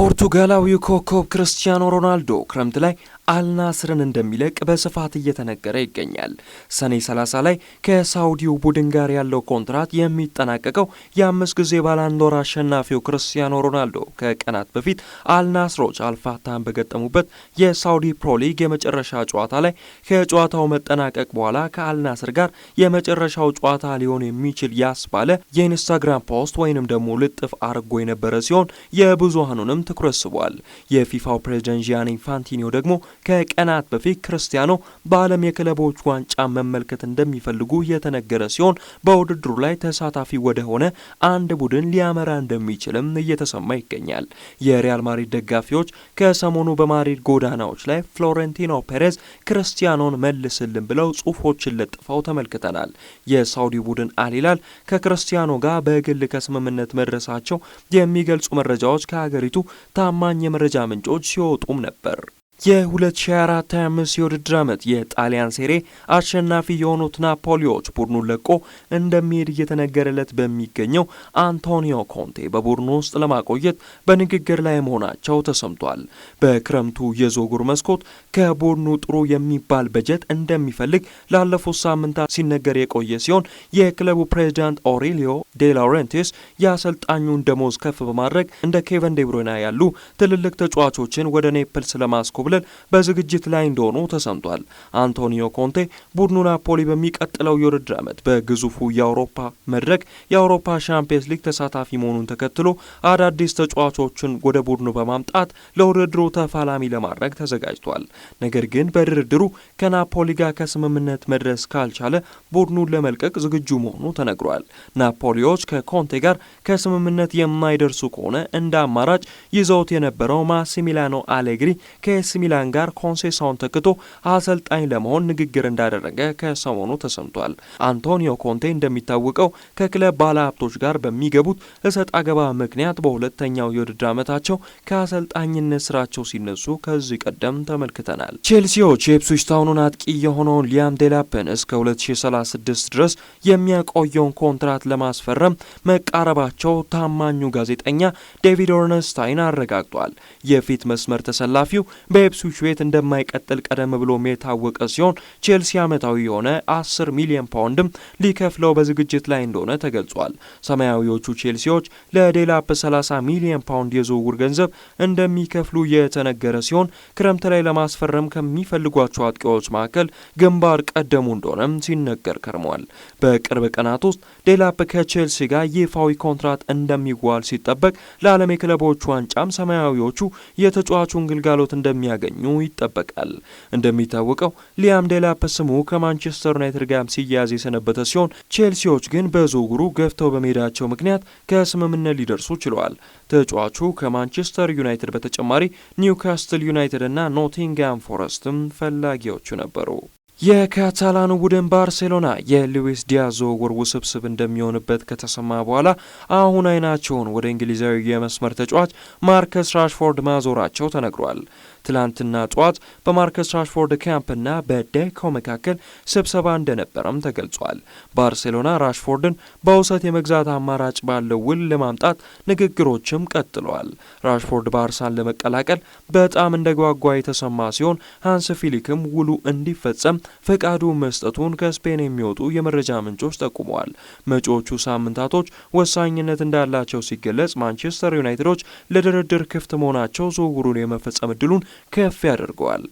ፖርቱጋላዊው ኮከብ ክርስቲያኖ ሮናልዶ ክረምት ላይ አልናስርን እንደሚለቅ በስፋት እየተነገረ ይገኛል። ሰኔ 30 ላይ ከሳውዲው ቡድን ጋር ያለው ኮንትራት የሚጠናቀቀው የአምስት ጊዜ ባላንዶር አሸናፊው ክርስቲያኖ ሮናልዶ ከቀናት በፊት አልናስሮች አልፋታን በገጠሙበት የሳውዲ ፕሮሊግ የመጨረሻ ጨዋታ ላይ ከጨዋታው መጠናቀቅ በኋላ ከአልናስር ጋር የመጨረሻው ጨዋታ ሊሆን የሚችል ያስባለ የኢንስታግራም ፖስት ወይንም ደግሞ ልጥፍ አርጎ የነበረ ሲሆን የብዙሃኑንም ትኩረት ስቧል። የፊፋው ፕሬዚደንት ጂያኒ ኢንፋንቲኒዮ ደግሞ ከቀናት በፊት ክርስቲያኖ በዓለም የክለቦች ዋንጫ መመልከት እንደሚፈልጉ የተነገረ ሲሆን በውድድሩ ላይ ተሳታፊ ወደሆነ አንድ ቡድን ሊያመራ እንደሚችልም እየተሰማ ይገኛል። የሪያል ማድሪድ ደጋፊዎች ከሰሞኑ በማድሪድ ጎዳናዎች ላይ ፍሎሬንቲኖ ፔሬዝ ክርስቲያኖን መልስልን ብለው ጽሁፎችን ለጥፈው ተመልክተናል። የሳውዲ ቡድን አልሂላል ከክርስቲያኖ ጋር በግል ከስምምነት መድረሳቸው የሚገልጹ መረጃዎች ከሀገሪቱ ታማኝ የመረጃ ምንጮች ሲወጡም ነበር። የ2024/25 የውድድር ዓመት የጣሊያን ሴሬ አሸናፊ የሆኑት ናፖሊዎች ቡድኑን ለቆ እንደሚሄድ እየተነገረለት በሚገኘው አንቶኒዮ ኮንቴ በቡድኑ ውስጥ ለማቆየት በንግግር ላይ መሆናቸው ተሰምቷል። በክረምቱ የዞጉር መስኮት ከቡድኑ ጥሩ የሚባል በጀት እንደሚፈልግ ላለፉት ሳምንታት ሲነገር የቆየ ሲሆን የክለቡ ፕሬዚዳንት ኦሬሊዮ ዴ ላውረንቲስ የአሰልጣኙን ደሞዝ ከፍ በማድረግ እንደ ኬቨን ዴብሮና ያሉ ትልልቅ ተጫዋቾችን ወደ ኔፕልስ ለማስኮብ ብለን በዝግጅት ላይ እንደሆኑ ተሰምቷል። አንቶኒዮ ኮንቴ ቡድኑ ናፖሊ በሚቀጥለው የውድድር ዓመት በግዙፉ የአውሮፓ መድረክ የአውሮፓ ሻምፒየንስ ሊግ ተሳታፊ መሆኑን ተከትሎ አዳዲስ ተጫዋቾችን ወደ ቡድኑ በማምጣት ለውድድሩ ተፋላሚ ለማድረግ ተዘጋጅቷል። ነገር ግን በድርድሩ ከናፖሊ ጋር ከስምምነት መድረስ ካልቻለ ቡድኑን ለመልቀቅ ዝግጁ መሆኑ ተነግሯል። ናፖሊዎች ከኮንቴ ጋር ከስምምነት የማይደርሱ ከሆነ እንደ አማራጭ ይዘውት የነበረው ማሲሚላኖ አሌግሪ ከኤሲ ሚላን ጋር ኮንሴሳውን ተክቶ አሰልጣኝ ለመሆን ንግግር እንዳደረገ ከሰሞኑ ተሰምቷል። አንቶኒዮ ኮንቴ እንደሚታወቀው ከክለብ ባለሀብቶች ጋር በሚገቡት እሰጥ አገባ ምክንያት በሁለተኛው የውድድር ዓመታቸው ከአሰልጣኝነት ስራቸው ሲነሱ ከዚህ ቀደም ተመልክተናል። ቼልሲዎች የኢፕስዊች ታውኑን አጥቂ የሆነውን ሊያም ዴላፕን እስከ 2036 ድረስ የሚያቆየውን ኮንትራት ለማስፈረም መቃረባቸው ታማኙ ጋዜጠኛ ዴቪድ ኦርነስታይን አረጋግጧል። የፊት መስመር ተሰላፊው በ በኢፕስዊች ቤት እንደማይቀጥል ቀደም ብሎም የታወቀ ሲሆን ቼልሲ ዓመታዊ የሆነ 10 ሚሊዮን ፓውንድም ሊከፍለው በዝግጅት ላይ እንደሆነ ተገልጿል። ሰማያዊዎቹ ቼልሲዎች ለዴላፕ 30 ሚሊዮን ፓውንድ የዝውውር ገንዘብ እንደሚከፍሉ የተነገረ ሲሆን ክረምት ላይ ለማስፈረም ከሚፈልጓቸው አጥቂዎች መካከል ግንባር ቀደሙ እንደሆነም ሲነገር ከርሟል። በቅርብ ቀናት ውስጥ ዴላፕ ከቼልሲ ጋር ይፋዊ ኮንትራት እንደሚዋል ሲጠበቅ ለዓለም የክለቦች ዋንጫም ሰማያዊዎቹ የተጫዋቹን ግልጋሎት እንደሚያ እንደሚያገኙ ይጠበቃል። እንደሚታወቀው ሊያም ዴላፕ ስሙ ከማንቸስተር ዩናይትድ ጋር ሲያያዝ የሰነበተ ሲሆን ቼልሲዎች ግን በዝውውሩ ገፍተው በመሄዳቸው ምክንያት ከስምምነት ሊደርሱ ችለዋል። ተጫዋቹ ከማንቸስተር ዩናይትድ በተጨማሪ ኒውካስትል ዩናይትድ እና ኖቲንግሃም ፎረስትም ፈላጊዎቹ ነበሩ። የካታላኑ ቡድን ባርሴሎና የሉዊስ ዲያዝ ዝውውር ውስብስብ እንደሚሆንበት ከተሰማ በኋላ አሁን አይናቸውን ወደ እንግሊዛዊ የመስመር ተጫዋች ማርከስ ራሽፎርድ ማዞራቸው ተነግሯል። ትላንትና ጠዋት በማርከስ ራሽፎርድ ካምፕና በዴኮ መካከል ስብሰባ እንደነበረም ተገልጿል። ባርሴሎና ራሽፎርድን በውሰት የመግዛት አማራጭ ባለው ውል ለማምጣት ንግግሮችም ቀጥለዋል። ራሽፎርድ ባርሳን ለመቀላቀል በጣም እንደጓጓ የተሰማ ሲሆን ሃንስ ፊሊክም ውሉ እንዲፈጸም ፈቃዱ መስጠቱን ከስፔን የሚወጡ የመረጃ ምንጮች ጠቁመዋል። መጪዎቹ ሳምንታቶች ወሳኝነት እንዳላቸው ሲገለጽ፣ ማንቸስተር ዩናይትዶች ለድርድር ክፍት መሆናቸው ዝውውሩን የመፈጸም እድሉን ከፍ ያደርገዋል።